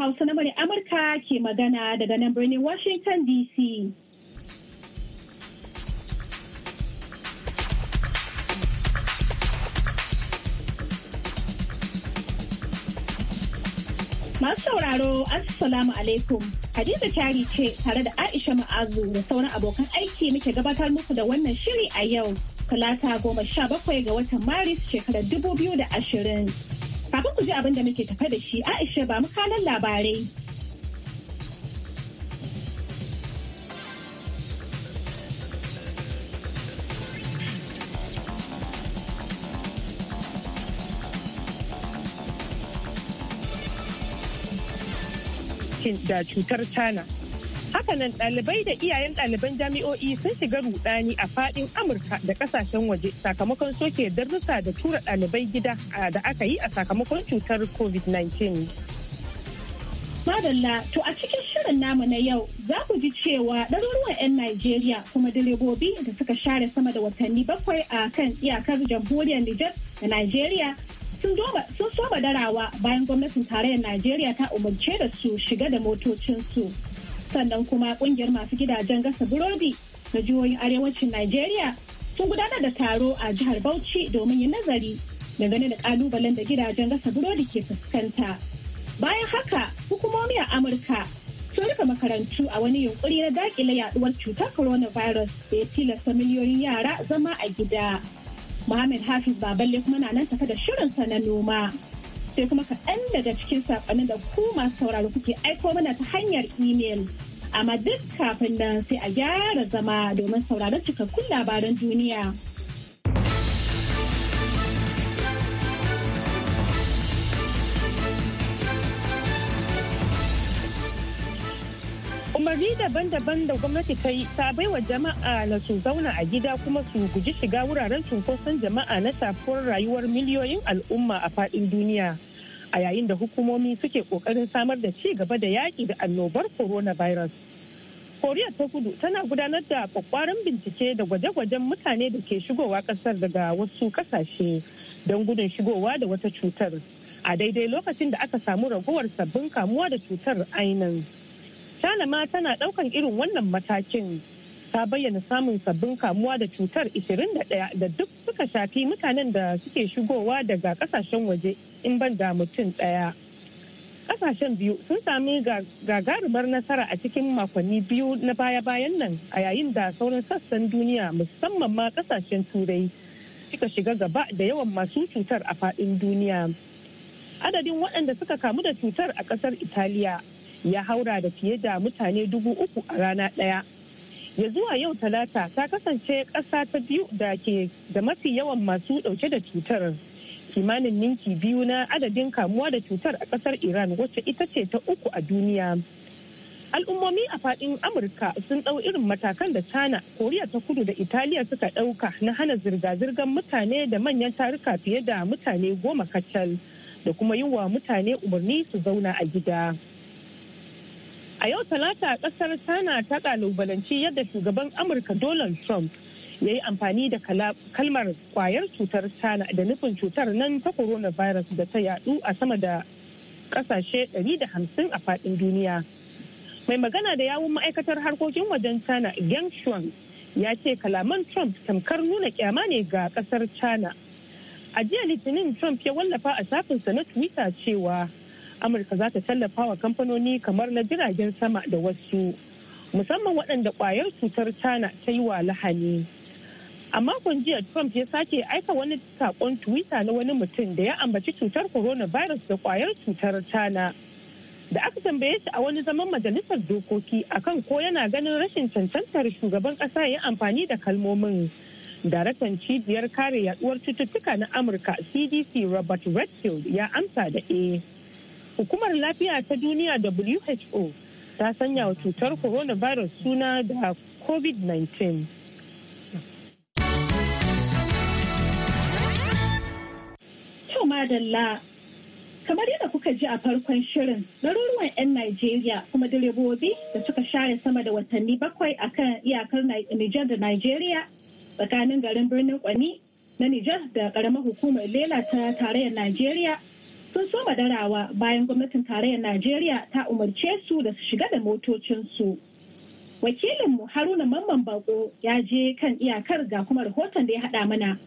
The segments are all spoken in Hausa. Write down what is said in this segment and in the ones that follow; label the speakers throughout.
Speaker 1: Hausa na Mare Amurka ke magana daga nan birnin Washington DC. Masu sauraro, Assalamu alaikum. Hadiza Kyari ce tare da Aisha Ma'azu da sauran abokan aiki muke gabatar muku da wannan shiri a yau, talata goma sha bakwai ga watan Maris shekarar dubu biyu da ashirin. Kafin ku ji abin da muke tafe da shi, Aisha ba makanan labarai.
Speaker 2: da cutar tana Hakanan ɗalibai da iyayen ɗaliban jami'o'i sun shiga rudani a faɗin Amurka da ƙasashen waje sakamakon soke darussa da tura ɗalibai gida da aka yi a sakamakon cutar COVID-19.
Speaker 1: Madalla, to a cikin shirin namu na yau za ku ji cewa ɗaruruwan 'yan Najeriya kuma direbobi da suka share sama da watanni bakwai a kan iyakar jamhuriyar Nijar da Najeriya sun soba darawa bayan gwamnatin tarayyar Najeriya ta umarce da su shiga da motocinsu. sannan kuma kungiyar masu gidajen gasa burodi na jihohin arewacin Najeriya sun gudanar da taro a jihar Bauchi domin yin nazari dangane da kalubalen da gidajen gasa burodi ke fuskanta. Bayan haka, hukumomi a Amurka sun rufe makarantu a wani yunkuri na dakile yaduwar cutar coronavirus da ya tilasta miliyoyin yara zama a gida. Muhammad Hafiz Baballe kuma na nan tafe da shirinsa na noma. sai kuma kaɗan daga cikin saƙonin da ku masu sauraro kuke aiko mana ta hanyar imel. Amma duk kafin nan sai a gyara zama domin sauraron cikakkun labaran duniya.
Speaker 2: umarni daban-daban da gwamnati ta yi ta baiwa jama'a na su zauna a gida kuma su guji shiga wuraren cunkoson jama'a na shafuwar rayuwar miliyoyin al'umma a faɗin duniya. a yayin da hukumomi suke kokarin samar da ci gaba da yaƙi da annobar coronavirus. koriya ta kudu tana gudanar da kwakwaran bincike da gwaje-gwajen mutane da ke shigowa ƙasar daga wasu ƙasashe don gudun shigowa da wata cutar a daidai lokacin da aka samu ragowar sabbin kamuwa da cutar ainin. Tana ma tana ɗaukan irin wannan matakin ta bayyana samun sabbin kamuwa da cutar 21 da duk suka shafi mutanen da suke shigowa daga kasashen waje in ban da mutum ɗaya. Kasashen biyu sun sami gagarumar nasara a cikin makonni biyu na baya-bayan nan a yayin da sauran sassan duniya musamman ma kasashen turai suka shiga gaba da yawan masu cutar a faɗin duniya. Adadin waɗanda suka kamu da cutar a ƙasar Italiya ya haura da fiye da mutane dubu uku a rana ɗaya. ya zuwa yau talata ta kasance ƙasa ta biyu da ke da mafi yawan masu ɗauke da cutar kimanin ninki biyu na adadin kamuwa da cutar a ƙasar iran wacce ita ce ta uku a duniya al'ummomi a faɗin amurka sun ɗau irin matakan da china koriya ta kudu da italiya suka ɗauka na hana zirga-zirgar mutane da manyan taruka fiye da mutane goma kacal da kuma yi wa mutane umarni su zauna a gida. A yau talata ƙasar Tana ta kalubalanci yadda shugaban Amurka Donald Trump ya yi amfani da kalmar kwayar cutar Tana da nufin cutar nan ta coronavirus da ta yadu a sama da kasashe 150 a faɗin duniya. Mai magana da yawun ma'aikatar harkokin wajen Tana, Geng Shuang ya ce kalaman Trump tamkar nuna kyama ne ga ƙasar China. A jiya Litinin Trump ya wallafa a shafinsa na Twitter cewa amurka za ta tallafa wa kamfanoni kamar na jiragen sama da wasu musamman waɗanda ƙwayar cutar china ta yi wa lahani a makon jiya trump ya sake aika wani saƙon twitter na wani mutum da ya ambaci cutar coronavirus da ƙwayar cutar china da aka tambaye shi a wani zaman majalisar dokoki akan ko yana ganin rashin cancantar shugaban ƙasa ya amfani da kalmomin daraktan cibiyar kare yaduwar cututtuka na amurka cdc robert redfield ya amsa da e Hukumar lafiya ta duniya WHO ta sanya wa cutar coronavirus suna da COVID-19. Kyau
Speaker 1: madalla kamar yadda kuka ji a farkon shirin ɗaruruwan 'yan Najeriya kuma direbobi da suka share sama da watanni bakwai a kan iyakar Nijar da Najeriya tsakanin garin birnin Kwani na Nijar da ƙaramar hukumar Lela ta tarayyar Najeriya sun so madarawa bayan gwamnatin tarayyar najeriya ta umarce su da su shiga da motocinsu wakilinmu haruna mamman bako ya je kan iyakar ga kuma rahoton da ya haɗa mana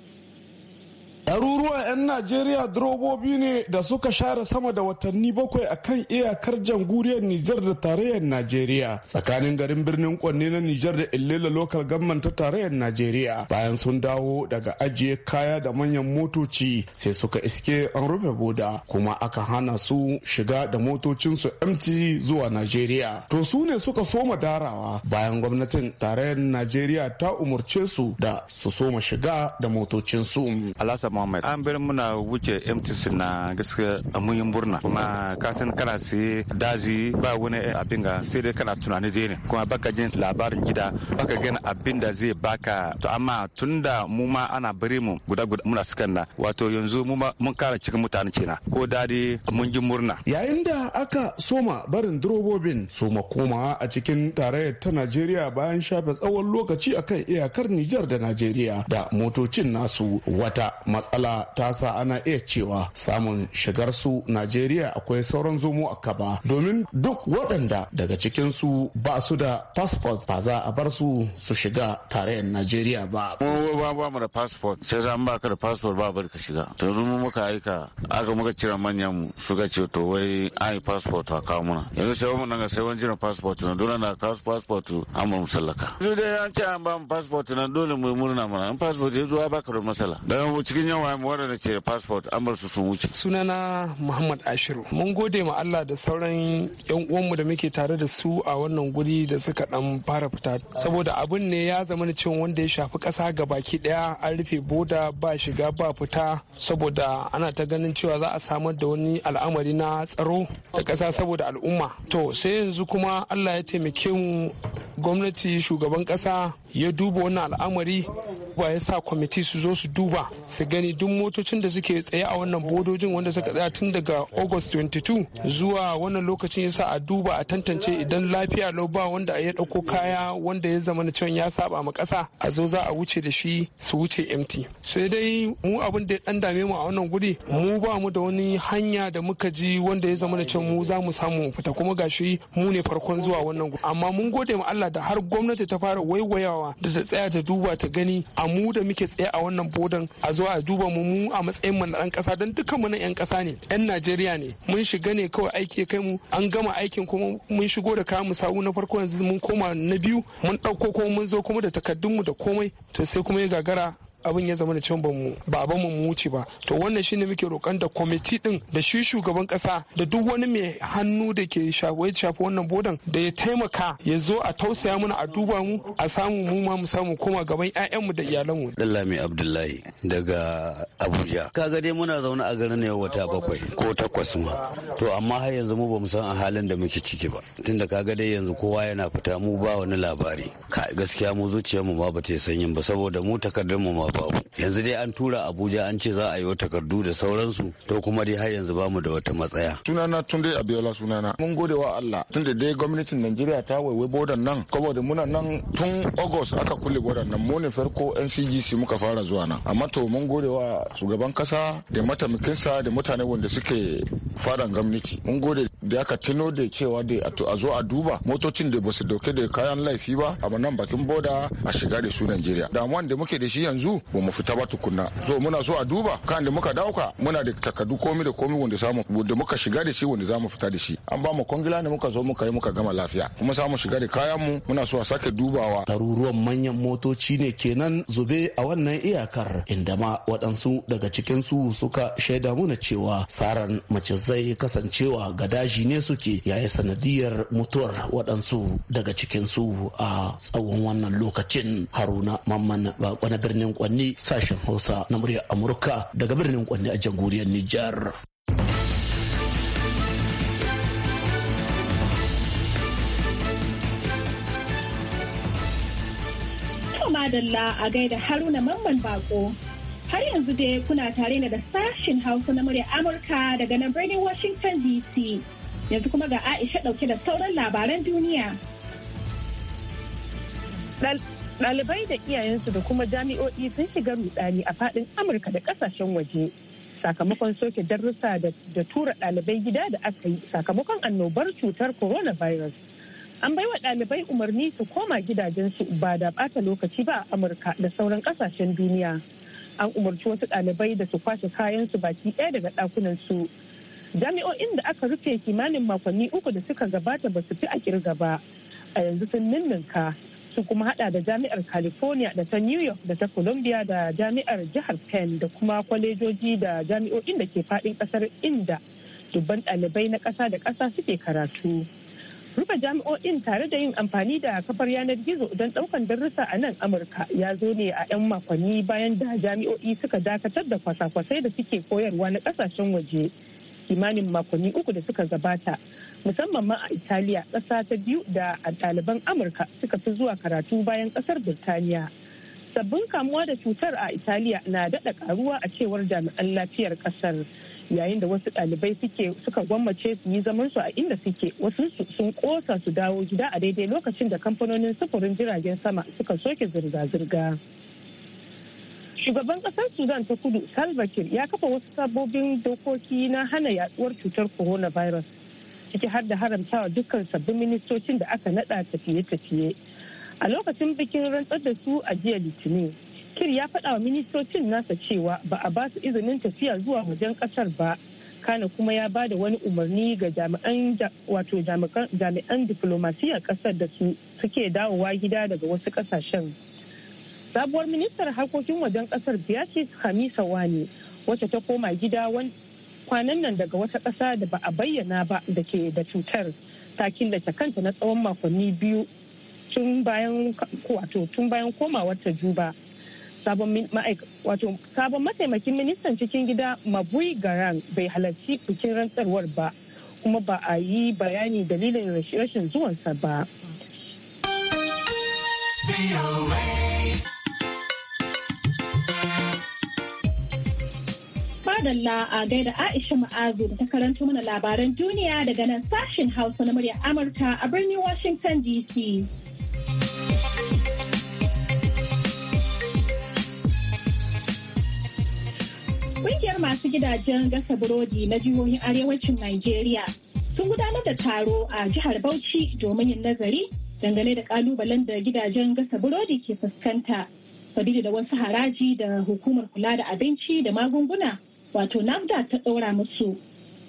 Speaker 1: ɗaruruwan 'yan najeriya
Speaker 3: durobobi ne da suka share sama da watanni bakwai a kan iyakar janguriyar nijar da tarayyar najeriya tsakanin garin birnin kwanne na nijar da illela lokal gamman ta tarayyar najeriya bayan sun dawo daga ajiye kaya da manyan motoci sai suka iske an rufe boda kuma aka hana su shiga da motocinsu mt zuwa najeriya to su ne suka soma darawa bayan gwamnatin tarayyar najeriya ta umurce su da su soma shiga da motocinsu Muhammad.
Speaker 4: An bar muna wuce MTC na gaskiya a muyin murna. Kuma ka san kana sai dazi ba wani abin ga sai dai kana tunani dai ne. Kuma baka jin labarin gida baka gani abin da zai baka. To amma tunda mu ma ana bari mu guda guda muna sukan na wato yanzu mu mun kara cikin mutane kenan ko dadi mun ji murna.
Speaker 3: Yayin da aka soma barin durobobin soma komawa a cikin tarayyar ta Najeriya bayan shafe tsawon lokaci akan iyakar Nijar da Najeriya da motocin nasu wata matsala ta sa ana iya cewa samun shigar su najeriya akwai sauran zomo a kaba domin duk waɗanda daga cikin su ba su da passport ba za a bar su su shiga tarayyar najeriya
Speaker 5: ba ba ba mu da passport sai za mu baka da passport ba bari ka shiga to zo mu muka aika aka muka cira manyan mu su ga to wai ai passport ta kawo muna yanzu sai mun nan sai wani jiran fasfot na dole na kawo passport an mu sallaka yanzu dai an ce an ba mu passport na dole mu murna mana in passport ya zo ba ka da masala dan cikin yawa waɗanda ke da passport an bar su sun wuce.
Speaker 6: Sunana Muhammad Ashiru. Mun gode ma Allah da sauran 'yan uwanmu da muke tare da su a wannan guri da suka dan fara fita. Saboda abin ne ya zama cewa wanda ya shafi ƙasa baki ɗaya an rufe boda ba shiga ba fita saboda ana ta ganin cewa za a samar da wani al'amari na tsaro da ƙasa saboda al'umma. To sai yanzu kuma Allah ya taimake mu gwamnati shugaban ƙasa ya duba wannan al'amari ba ya sa kwamiti su zo su duba su gani gani duk motocin da suke tsaye a wannan bodojin wanda suka tsaya tun daga august 22 zuwa wannan lokacin yasa a duba a tantance idan lafiya lau ba wanda ya dauko kaya wanda ya zama na cewa ya saba ma kasa a zo za a wuce da shi su wuce mt sai dai mu abin da ya dan dame mu a wannan guri mu ba mu da wani hanya da muka ji wanda ya zama na cewa mu za mu samu fita kuma gashi mu ne farkon zuwa wannan guri amma mun gode ma Allah da har gwamnati ta fara waiwayawa da ta tsaya ta duba ta gani a mu da muke tsaye a wannan bodan a zo a duba duba mu mu a matsayin mu na ɗan ƙasa don dukkan mu na 'yan ƙasa ne 'yan Najeriya ne mun shiga ne kawai aiki kai mu an gama aikin kuma mun shigo da kayan mu sawu na farko yanzu mun koma na biyu mun ɗauko kuma mun zo kuma da takardun mu da komai to sai kuma ya gagara abin ya zama da can bamu ba ba mu wuce ba to wannan shine muke roƙon da kwamiti din da shi shugaban kasa da duk wani mai hannu da ke shafi wannan bodan da ya taimaka ya zo a tausaya mana a duba mu a samu mu ma mu samu koma gaban ƴaƴanmu
Speaker 7: da iyalanmu Dallami Abdullahi daga Abuja kaga dai muna zaune a garin yau wata bakwai ko takwas ma to amma har yanzu mu bamu san a halin da muke ciki ba tunda kaga dai yanzu kowa yana fita mu ba wani labari gaskiya mu zuciyar mu ma ba ta sanyin ba saboda mu takardar mu ma babu yanzu dai an tura abuja an ce za a yi takardu da sauransu to kuma dai har yanzu bamu da wata matsaya
Speaker 8: sunana tun dai abiola sunana mun gode wa allah tun da dai gwamnatin najeriya ta waiwai bodan nan kaboda muna nan tun august aka kulle bodan nan mu ne farko ncgc muka fara zuwa nan amma to mun gode wa shugaban kasa da mataimakinsa da mutane wanda suke fadan gwamnati mun gode da aka tuno da cewa da a zo a duba motocin da basu dauke da kayan laifi ba a nan bakin boda a shiga da su najeriya damuwan da muke da shi yanzu ba mu fita ba tukunna so muna so a duba kan da muka dauka muna da takardu komi da komi wanda samu wanda muka shiga da shi wanda zamu fita da shi an ba mu kwangila ne muka zo muka yi muka gama lafiya kuma samu shiga da kayan mu muna so a sake dubawa
Speaker 3: ɗaruruwan manyan motoci ne kenan zube a wannan iyakar inda ma waɗansu daga cikin su suka shaida muna cewa saran mace zai kasancewa gadaji ne suke yayi sanadiyar mutuwar waɗansu daga cikin su a tsawon wannan lokacin haruna mamman ba birnin kwani Kwanni sashen Hausa na muryar Amurka daga birnin Kwanni a jamhuriyar Nijar.
Speaker 1: madalla a gaida haruna mamman bako har yanzu dai kuna tare da sashin hausa na murya amurka daga nan birnin washington dc yanzu kuma ga aisha ɗauke da sauran labaran
Speaker 2: duniya Ɗalibai da iyayensu da kuma jami'o'i sun shiga rudani a faɗin Amurka da ƙasashen waje sakamakon soke darussa da tura ɗalibai gida da aka yi sakamakon annobar cutar coronavirus. An bai wa ɗalibai umarni su koma gidajensu ba da ɓata lokaci ba a Amurka da sauran ƙasashen duniya. An umarci wasu ɗalibai da su kwashe kayansu baki ɗaya daga ɗakunan su Jami'o'in da aka rufe kimanin makonni uku da suka gabata ba su fi a kirga ba. A yanzu sun ninninka sun kuma hada da jami'ar california da ta new york da ta columbia da jami'ar jihar penn da kuma kwalejoji da jami'o'in da ke fadin kasar inda dubban dalibai na kasa da kasa suke karatu rufe jami'o'in tare da yin amfani da kafar yanar gizo don ɗaukan darussa a nan amurka ya zo ne a 'yan makonni bayan da jami'o'i suka dakatar da kwasa-kwasai da suke koyarwa na kasashen waje kimanin makonni uku da suka gabata musamman ma a italiya ƙasa ta biyu da a ɗaliban amurka suka fi zuwa karatu bayan ƙasar birtaniya sabbin kamuwa da cutar a italiya na daɗa ƙaruwa a cewar jami'an lafiyar ƙasar yayin da wasu ɗalibai suka gwammace su yi zamansu a inda suke wasu sun ƙosa su dawo gida a daidai lokacin da kamfanonin sufurin jiragen sama suka soke zirga-zirga. Shugaban ƙasar Sudan ta kudu Salva Kiir ya kafa wasu sabobin dokoki na hana yaduwar cutar coronavirus ciki har da haramtawa dukkan sabbin ministocin da aka nada tafiye-tafiye. A lokacin bikin rantsar da su a jiya Litinin, Kir ya faɗa wa ministocin nasa cewa ba a ba su izinin tafiya zuwa wajen ƙasar ba. Kana kuma ya ba da wani umarni ga jami'an wato jami'an diflomasiyyar ƙasar da su suke dawowa gida daga wasu ƙasashen. sabuwar ministar harkokin wajen kasar beatrice hamisa wani wacce ta koma gida kwanan nan daga wata kasa da ba a bayyana ba da ke da cutar ta killace kanta na tsawon makonni biyu tun bayan wato tun komawar ta juba sabon mataimakin ministan cikin gida mabui garan bai halarci bikin rantsarwar ba kuma ba a yi bayani dalilin rashin zuwansa ba.
Speaker 1: madalla a gaida Aisha Ma'azu da ta karanta mana labaran duniya daga nan sashen Hausa na muryar Amurka a birnin Washington DC. Ƙungiyar masu gidajen gasa burodi na jihohin arewacin Najeriya sun gudanar da taro a jihar Bauchi domin yin nazari dangane da kalubalen da gidajen gasa burodi ke fuskanta sabili da wasu haraji da hukumar kula da abinci da magunguna wato nafda ta ɗora musu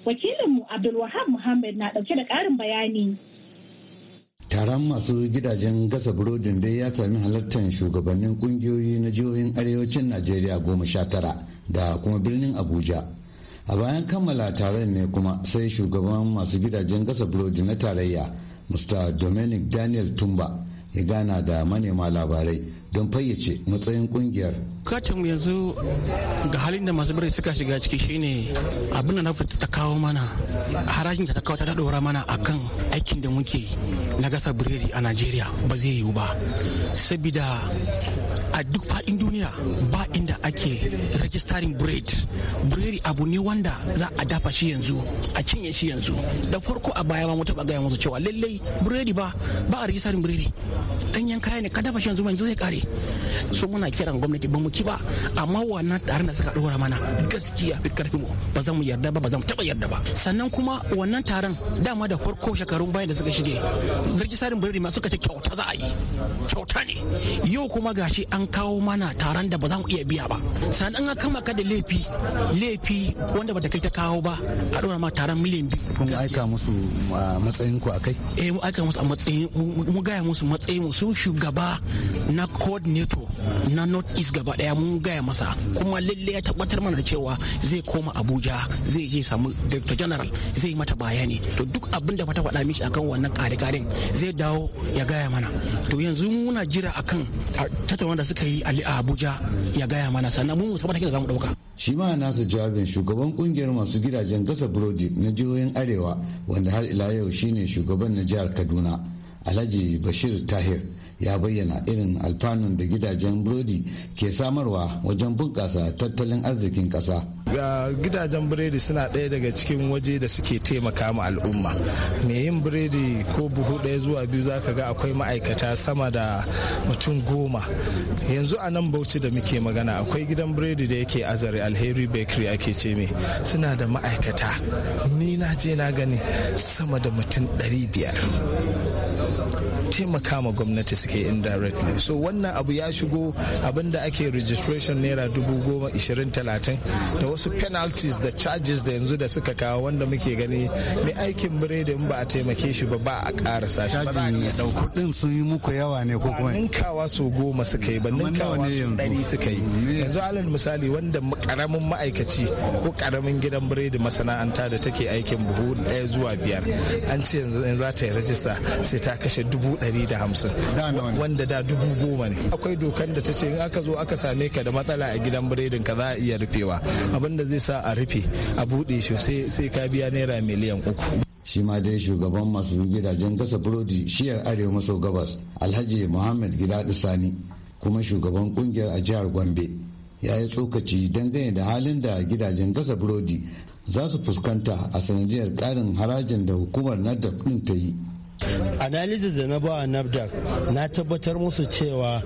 Speaker 1: wakilinmu abdulwahab muhammad na ɗauke da ƙarin bayani
Speaker 7: taron masu gidajen gasa burodin dai ya sami halartar shugabannin ƙungiyoyi na jihohin arewacin najeriya goma sha tara da kuma birnin abuja a bayan kammala taron ne kuma sai shugaban masu gidajen gasa burodi na tarayya mr dominic daniel tumba ya gana da manema labarai don fayyace matsayin kungiyar.
Speaker 9: mu yanzu ga halin da masu birni suka shiga ciki shine abin da na ta kawo mana harajin da ta kawo ta dora mana akan aikin da muke na gasa biredi a Najeriya ba zai yiwu ba. Sabida a duk faɗin duniya ba inda ake rajistarin bread biredi abu ne wanda za a dafa shi yanzu a cinye shi yanzu da farko a baya ma mu taɓa gaya musu cewa lallai biredi ba ba a rajistarin biredi ɗanyen kaya ne ka dafa shi yanzu yanzu zai kare so muna kiran gwamnati ba mu ki ba amma wannan taron da suka ɗora mana gaskiya fi karfi mu ba za mu yarda ba ba za mu taɓa yarda ba sannan kuma wannan taron dama da farko shekarun bayan da suka shige rajistarin biredi ma suka ce kyauta za a yi kyauta ne yau kuma gashi an kawo mana taron da ba za mu iya biya ba sannan an kama ka da laifi laifi wanda ba da kai ta kawo ba a ɗora ma taron miliyan biyu
Speaker 7: kun aika musu a matsayin ku akai
Speaker 9: eh mu aika musu a matsayin mu gaya musu matsayin mu su shugaba na coordinator na north east gaba daya mun gaya masa kuma lalle ya tabbatar mana da cewa zai koma abuja zai je samu director general zai yi mata bayani to duk abin da fata faɗa mishi akan wannan kare-karen zai dawo ya gaya mana to yanzu muna jira akan tattaunawa da suka suka yi a
Speaker 7: abuja ya gaya mana sannan mun musamman da za zamu ɗauka. shi ma nasa jawabin shugaban kungiyar masu gidajen gasa burodi na jihohin arewa wanda har ila yau shine shugaban na jihar kaduna alhaji bashir tahir ya bayyana irin alfanun da gidajen burodi ke samarwa wajen bunƙasa tattalin arzikin ƙasa.
Speaker 4: gidajen biredi suna ɗaya daga cikin waje da suke taimaka ma al'umma mai yin biredi ko buhu ɗaya zuwa biyu za ka ga akwai ma'aikata sama da mutum goma yanzu a nan bauchi da muke magana akwai gidan biredi da yake azare alheri bakery ake ce mai suna da ma'aikata ni na je na gani sama da mutum ɗari biyar taimakawa gwamnati suke indirectly so wannan abu ya shigo abinda ake registration naira dubu goma ishirin talatin da wasu penalties da charges da yanzu da suka kawo wanda muke gani mai aikin biredin ba a taimake shi ba ba a kara sashi ba za a yi kuɗin sun yi muku yawa ne ko kuma ninkawa so goma suka yi ba ninkawa su ɗari suka yi yanzu alal misali wanda karamin ma'aikaci ko karamin gidan biredi masana'anta da take aikin buhu ɗaya zuwa biyar an ce yanzu za ta yi rajista sai ta kashe kashe dubu ɗari da hamsin wanda da dubu goma ne akwai dokan da ta ce in aka zo aka same ka da matsala a gidan biredin ka za a iya rufewa abin da zai sa a rufe a buɗe
Speaker 7: shi sai ka biya naira miliyan uku shi ma dai shugaban masu gidajen gasa burodi shiyar arewa maso gabas alhaji muhammad gida sani kuma shugaban kungiyar a jihar gombe ya yi tsokaci dangane da halin da gidajen gasa burodi za su fuskanta a sanadiyar karin harajin da hukumar nadab din ta yi analysis
Speaker 4: da na bawa nafdac na tabbatar musu cewa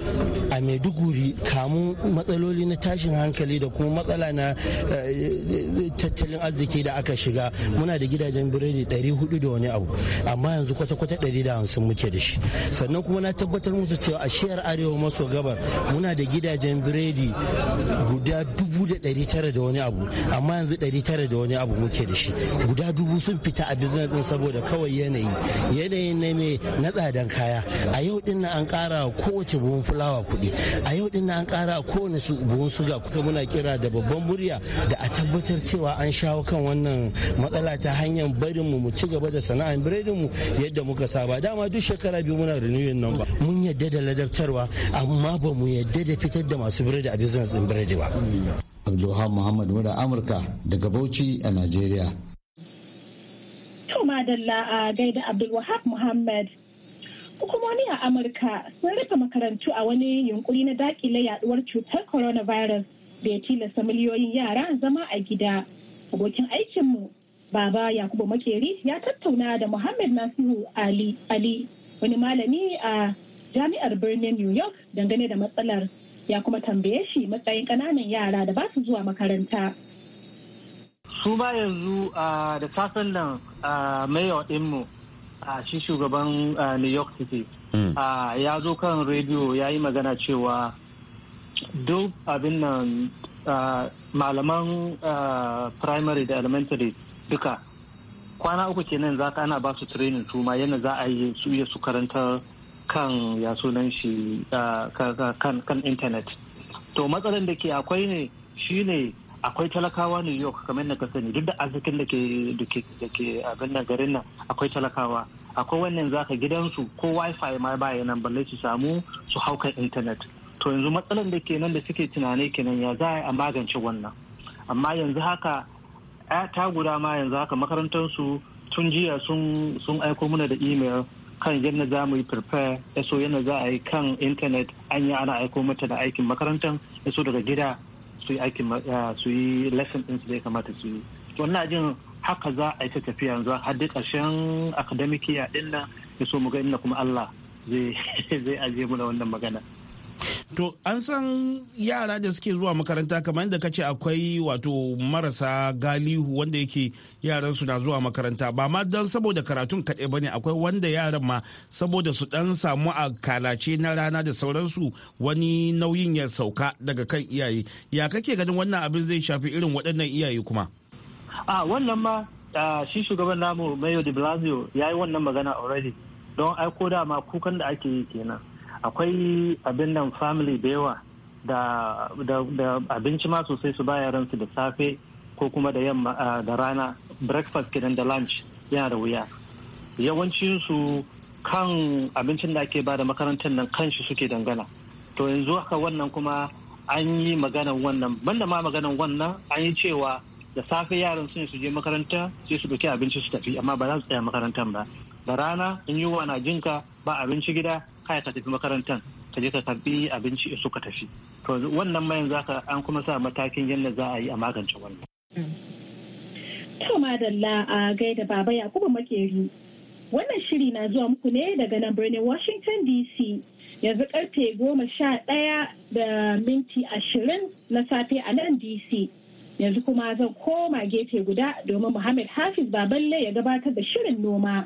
Speaker 4: a maiduguri kamun matsaloli na tashin hankali da kuma matsala na eh, tattalin arziki da aka shiga muna da gidajen biredi 400 da wani abu amma yanzu kwata-kwata 150 muke da shi sannan kuma na tabbatar musu cewa a shiyar arewa maso gabar muna da gidajen biredi guda 900 da wani abu amma yanzu 900 da wani abu muke da shi guda dubu sun fita a business din saboda kawai yanayi yanayi yanayi na na tsadan kaya a yau din an kara kowace buhun fulawa kuɗi a yau din an kara kowane buhun suga kuka muna kira da babban murya da a tabbatar cewa an shawo kan wannan matsala ta hanyar barin mu mu ci gaba da sana'ar biredin mu yadda muka saba dama duk shekara biyu muna renewing nan ba mun yadda da ladabtarwa amma ba mu yadda da fitar da masu
Speaker 7: biredi a business din biredi ba Abdulhamid Muhammad Mura Amurka daga Bauchi a Najeriya.
Speaker 1: Adalla a gaida Abdulwahab Muhammad. Hukumomi a Amurka sun rufe makarantu a wani yunkuri na dakile yaduwar cutar coronavirus da ya tilasta miliyoyin yara zama a gida. Abokin aikinmu Baba Yakubu Makeri ya tattauna da Muhammad Nasiru Ali Ali wani malami a jami'ar birnin New York dangane da matsalar ya kuma tambaye shi matsayin ƙananan yara da ba su zuwa makaranta. su ma yanzu
Speaker 10: ah, da safen nan ah, mayor dinmu a ah, shi shugaban new york city hmm. ya zo kan rediyo ya yi magana cewa duk abin nan malaman primary da elementary duka kwana uku kenan za ka ana ba su training su ma yana za a yi su iya su karanta kan ya sunan shi kan internet to matsalar da ke akwai ne shi ne. akwai talakawa new york kamar na ka sani duk da arzikin da ke abin da garin nan akwai talakawa akwai wannan zaka gidansu ko wifi ma baya nan balle su samu su haukan intanet to yanzu matsalar da ke nan da suke tunani kenan ya za a magance wannan amma yanzu haka ta guda ma yanzu haka makarantarsu tun jiya sun aiko mana da email kan yadda za mu yi prepare so yadda za a yi kan intanet an yi ana aiko mata da aikin makarantar ya daga gida su yi aikin su yi lesson su da ya kamata su yi to ina jin haka za a yi ta tafiya yanzu har dai ƙarshen academic year din nan ya so mu ga inda kuma Allah zai aje mu da wannan magana To an san
Speaker 3: yara da suke zuwa makaranta kamar yadda kace akwai wato marasa galihu wanda yake yaran su na zuwa makaranta ba ma don saboda karatun kaɗai ba ne akwai wanda yaran ma saboda su dan samu a kalace na rana da sauransu wani nauyin ya sauka daga kan iyaye ya kake ganin wannan abin zai shafi irin waɗannan iyaye kuma.
Speaker 11: a wannan
Speaker 10: ma shi shugaban namu mayo de blasio ya yi wannan magana already don aiko dama kukan da ake yi kenan akwai abin nan family da yawa da abinci ma sosai su ba yaransu da safe ko kuma da yamma da rana breakfast kenan da lunch yana da wuya yawancinsu kan abincin da ake ba da makarantar nan kanshi suke dangana to yanzu haka wannan kuma an yi maganan wannan banda ma maganan wannan an yi cewa da safe yaran sun su je makaranta sai su ɗauki abinci su tafi amma ba za su tsaya makarantar ba da rana in yi wa na jinka ba abinci gida haya ka tafi makarantar ka je ka karbi abinci su ka tafi to wannan mayan zaka an kuma sa matakin yadda za a yi a magance wannan
Speaker 1: to madalla a gaida baba yakubu makeri wannan shiri na zuwa muku ne daga nan birnin washington dc yanzu karfe goma sha ɗaya da minti ashirin na safe a nan dc yanzu kuma zan koma gefe guda domin muhammad hafiz baballe ya gabatar da shirin noma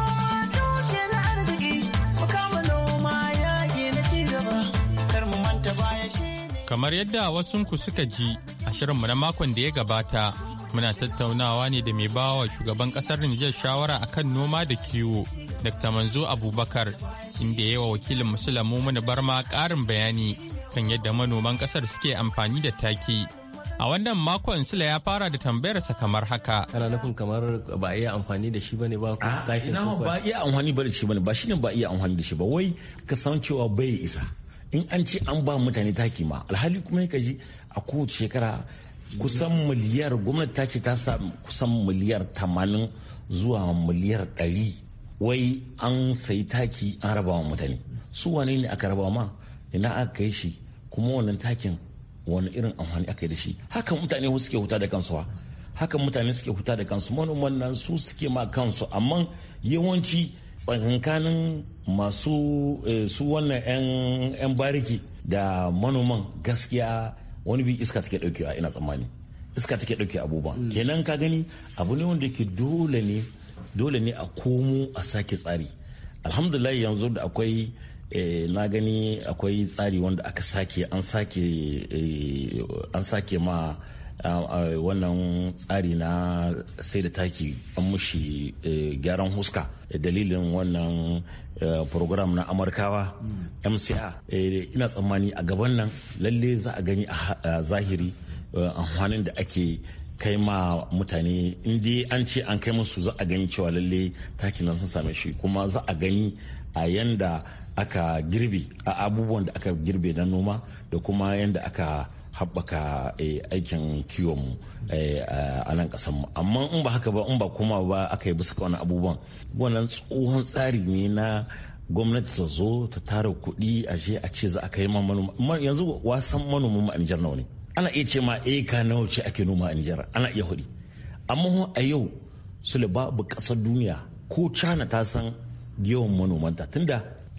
Speaker 12: Kamar yadda wasunku suka ji a shirinmu na makon da ya gabata, muna tattaunawa ne da mai bawa shugaban kasar Nijar shawara akan noma da kiwo, Dr. Manzo Abubakar, inda yawa wakilin Musulamu mana barma ƙarin bayani kan yadda manoman kasar suke amfani da taki. a wannan makon sila ya fara da tambayarsa kamar haka kana nufin kamar ba a iya amfani da shi bane ba ko kakin ba ah,
Speaker 5: iya amfani ba da shi bane ba shi ne ba iya amfani da shi ba wai ka san cewa bai isa in an ce an ba mutane taki ma alhali kuma ka ji a kowace shekara kusan miliyar gwamnati ta ce ta sa kusan miliyar tamanin zuwa miliyar ɗari wai an sayi taki an raba wa mutane su wane ne aka raba ma ina aka kai shi kuma wannan takin wani irin amfani aka yi da shi haka mutane suke huta da kansu hakan mutane suke huta da kansu manoman nan su suke ma kansu amma yawanci tsakankanin masu eh, su wannan 'yan bariki da manoman gaskiya wani bi iska take dauke a ina tsammani iska take dauke abubuwan mm. kenan ka gani abu ne wanda ke dole ne dole ne a komo a sake tsari alhamdulillah yanzu da akwai eh, na gani akwai tsari wanda aka sake an sake eh, an sake ma Ah, ah, wannan tsari na sai da taki an mushi eh, gyaran huska dalilin wannan eh, program na amurkawa mca hmm. eh, ina tsammani a gaban nan lalle za a gani a zahiri amfanin da ake kai ma mutane inda an ce an kai musu za a gani cewa lalle taki nan sun same shi kuma za a gani a yanda aka girbe a abubuwan da aka girbe na noma da kuma yanda aka haɓaka eh, aikin kiwon eh, eh, a nan ƙasar mu amma in ba haka ba in ba kuma ba aka yi bisa wani abubuwan wannan tsohon tsari ne na gwamnati ta zo ta tara kuɗi a je a ce za a kai ma manoma yanzu wasan manoman a Nijar nawa ne ana iya ce ma eka nawa ce ake noma a Nijar ana iya hudi amma ho a yau sule babu ƙasar duniya ko cana ta san yawan manomanta tunda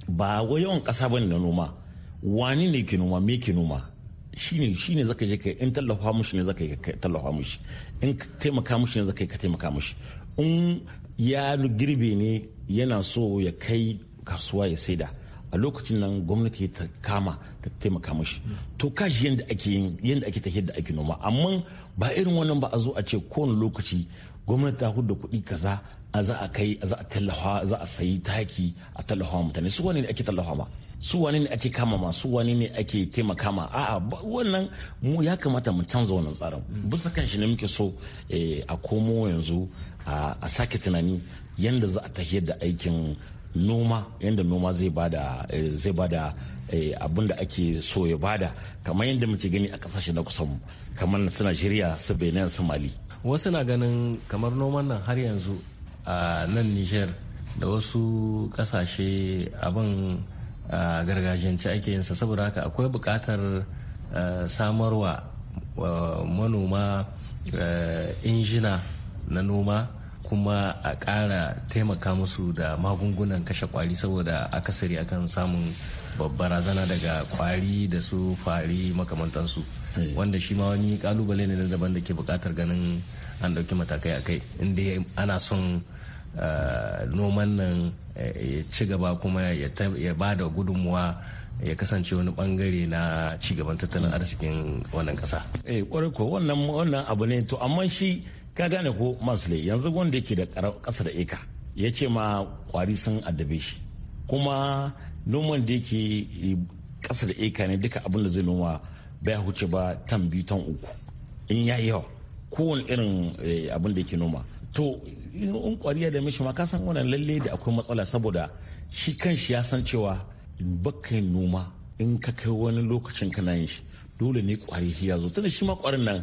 Speaker 5: ba yawan ƙasa bane na noma wani ne ke noma me ke noma shine shine zaka je kai in tallafa mushi ne zaka kai tallafa mushi in taimaka mushi ne zaka kai ka taimaka mushi in ya girbe ne yana so ya kai kasuwa ya saida a lokacin nan gwamnati ta kama ta taimaka mushi to kashi yadda ake yin yadda ake tafiyar da ake noma amma ba irin wannan ba a zo a ce kowane lokaci gwamnati ta hudu kuɗi kaza a za a kai a za a tallafa za a sayi taki a tallafa mutane su wani ne ake tallafa ma su wani ne ake kama ma su wani ne ake taimaka ma a'a wannan mu ya kamata mu canza wannan tsarin bisa kan shi ne muke so eh, a komo yanzu a sake tunani yadda za a tafiyar da aikin noma yadda noma zai bada eh, zai bada eh, abin da ake so ya bada kamar yadda muke gani a kasashe na kusan kamar su Najeriya su Benin su Mali wasu na ganin kamar noman nan har yanzu a nan Niger da wasu kasashe abin a gargajiyance ake yin sa saboda haka akwai bukatar samarwa manoma injina na noma kuma a ƙara taimaka musu da magungunan kashe kwari saboda akasari akan samun barazana daga kwari da su fari makamantansu eh. wanda shi ma wani kalubale ne na daban da ke buƙatar ganin an ɗauki matakai akai kai inda ana son noman nan Eh, ya ci gaba kuma ya ba da gudunmuwa ya kasance wani bangare na cigaban tattalin arzikin wannan kasa. Eh kwarai ko wannan abu ne to amma shi ka gane ko masle yanzu wanda yake da kasa da eka ya ce ma kwari sun addabe shi kuma noman da yake kasa da eka ne duka abin da zai noma bai huce ba tan biyu tan uku in ya yawa kowane irin eh, abin da yake noma to in kwariya da mishi ma ka san wannan lalle da akwai matsala saboda shi kanshi ya san cewa bakkai noma in ka kai wani lokacin kana yin shi dole ne kwari ya zo tunda shi ma kwarin nan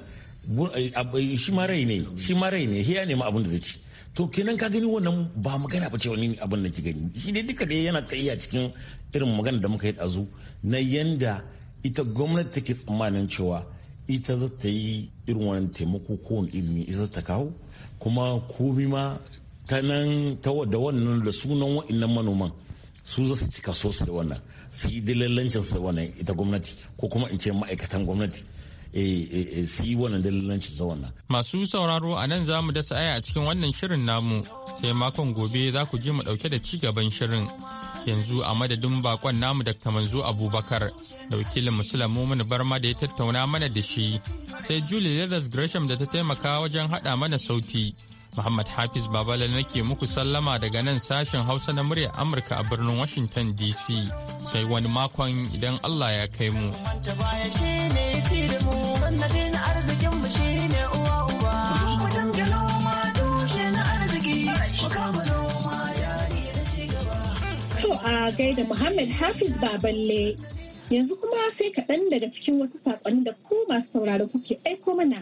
Speaker 5: eh, eh, shi ma rai ne shi ma rai ne hiya ne ma abin da zai ci to kenan ka gani wannan ba magana ba ce wani abin da ki gani shi ne duka da yana iya cikin irin magana da muka yi dazu na yanda ita gwamnati take tsammanin cewa ita za ta yi irin wani taimako ko wani ilimi ita za ta kawo kuma komi ma ta nan da wannan da sunan wa'annan manoman su za su cika so su da wannan su yi dalilancin su da wannan ita gwamnati ko kuma in ce ma'aikatan gwamnati eh, eh, eh, su yi wannan dalilancin su
Speaker 12: wannan. Masu sauraro a nan za mu dasa aya a cikin wannan shirin namu sai makon gobe za ku je mu ɗauke da ci gaban shirin. yanzu a madadin bakon namu da Manzo Abubakar da wakilin Musulun Barma da ya tattauna mana da shi sai Julie Leathers Gresham da ta taimaka wajen hada mana sauti. Muhammad Hafiz Babala nake muku sallama daga nan sashen Hausa na muryar Amurka a birnin Washington DC sai wani makon idan Allah ya kai mu.
Speaker 1: a gaida Muhammad Hafiz Baballe. Yanzu kuma sai kaɗan daga cikin wasu saƙonin da ku masu sauraro kuke aiko mana.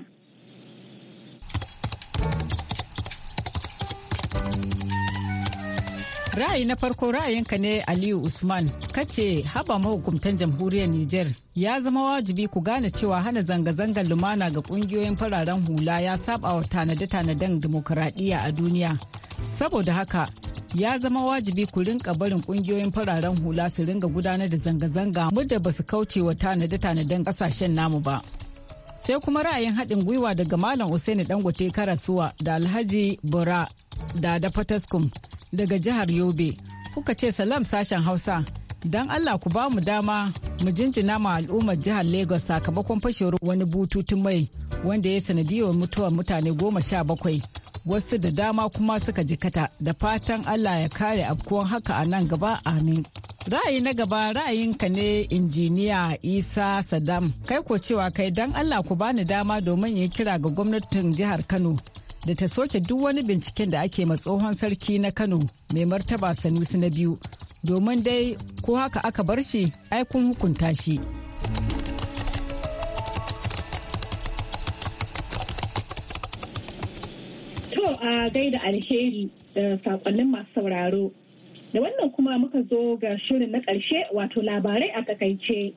Speaker 11: Ra'ayi na farko ra'ayinka ne Aliyu Usman kace haba mahukumtan jamhuriyar Nijar ya zama wajibi ku gane cewa hana zanga-zangar lumana ga kungiyoyin fararen hula ya saba wa tanade-tanaden dimokuraɗiyya a duniya. Saboda haka ya zama wajibi ku rinka barin kungiyoyin fararen hula su ringa gudanar da zanga-zanga muda ba su kauce wa tanade-tanaden kasashen namu ba. Sai kuma ra'ayin haɗin gwiwa daga Malam Usaini Dangote Karasuwa da Alhaji Bura da da Fataskum daga jihar Yobe. Kuka ce salam sashen Hausa. don Allah ku ba mu dama mu jinjina ma al'ummar jihar Lagos sakamakon fashewar wani bututun mai wanda ya sanadiyar mutuwar mutane goma sha bakwai wasu da dama kuma suka jikata da fatan Allah ya kare afkuwan haka a nan gaba amin. Ra'ayi na gaba ra'ayinka ne injiniya Isa Saddam kai ko cewa kai don Allah ku bani dama domin yi kira ga gwamnatin jihar Kano da ta soke duk wani binciken da ake ma tsohon sarki na Kano mai martaba Sanusi na biyu domin dai ko haka aka bar shi ai kun hukunta shi
Speaker 1: To a gaida alheri da sakonnin masu sauraro. Da wannan kuma muka zo ga shirin na ƙarshe wato labarai a takaice.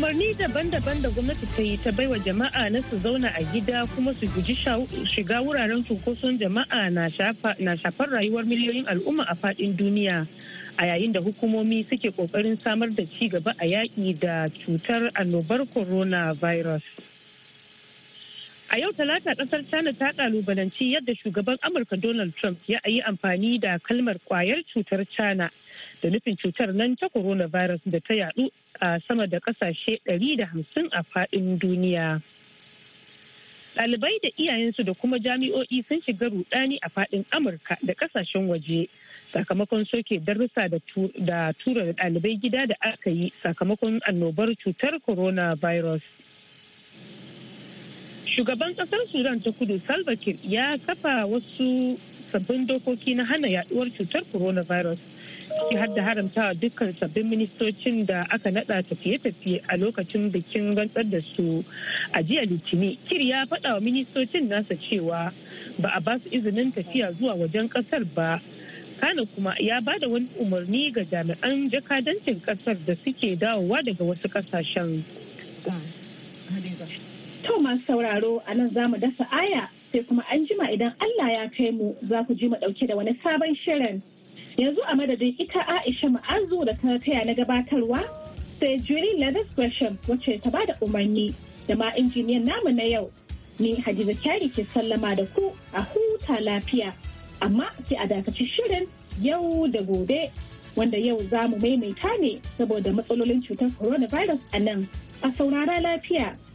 Speaker 2: umarni daban-daban da gwamnati ta yi ta baiwa jama'a na su zauna a gida kuma su guji shiga wuraren cunkoson jama'a na shafar rayuwar miliyoyin al'umma a fadin duniya a yayin da hukumomi suke kokarin samar da ci gaba a yaƙi da cutar annobar coronavirus. A yau talata kasar China ta kalubalanci yadda shugaban Amurka Donald Trump ya yi amfani da kalmar kwayar cutar China da nufin cutar nan ta coronavirus da ta yadu a sama da kasashe 150 a faɗin duniya. Ɗalibai da iyayensu da kuma jami'o'i sun shiga rudani a faɗin Amurka da ƙasashen waje sakamakon soke darussa da tura ɗalibai gida da aka yi sakamakon annobar cutar coronavirus. Shugaban ƙasar Sudan ta kudu Salva Kiir ya kafa wasu sabbin dokoki na hana yaduwar cutar coronavirus. har da haramta dukkan sabbin ministocin da aka nada tafiye-tafiye a lokacin bikin rantsar da su a jiya litini kir ya faɗa wa ministocin nasa cewa ba a basu izinin tafiya zuwa wajen ƙasar ba kana kuma ya ba da wani umarni ga jami'an jakadancin ƙasar da suke dawowa daga wasu ƙasashen.
Speaker 1: To masu sauraro a nan za mu dasa aya sai kuma an jima idan Allah ya kai mu za ku ji mu ɗauke da wani sabon shirin. yanzu a madadin ita aisha ma'azu da ta taya na gabatarwa sai julie leather question wacce ta bada umarni da ma injiniyan namu na yau ni hadiza kyari ke sallama da ku a huta lafiya amma sai a dakaci shirin yau da gobe wanda yau za mu maimaita ne saboda matsalolin cutar coronavirus a nan a saurara lafiya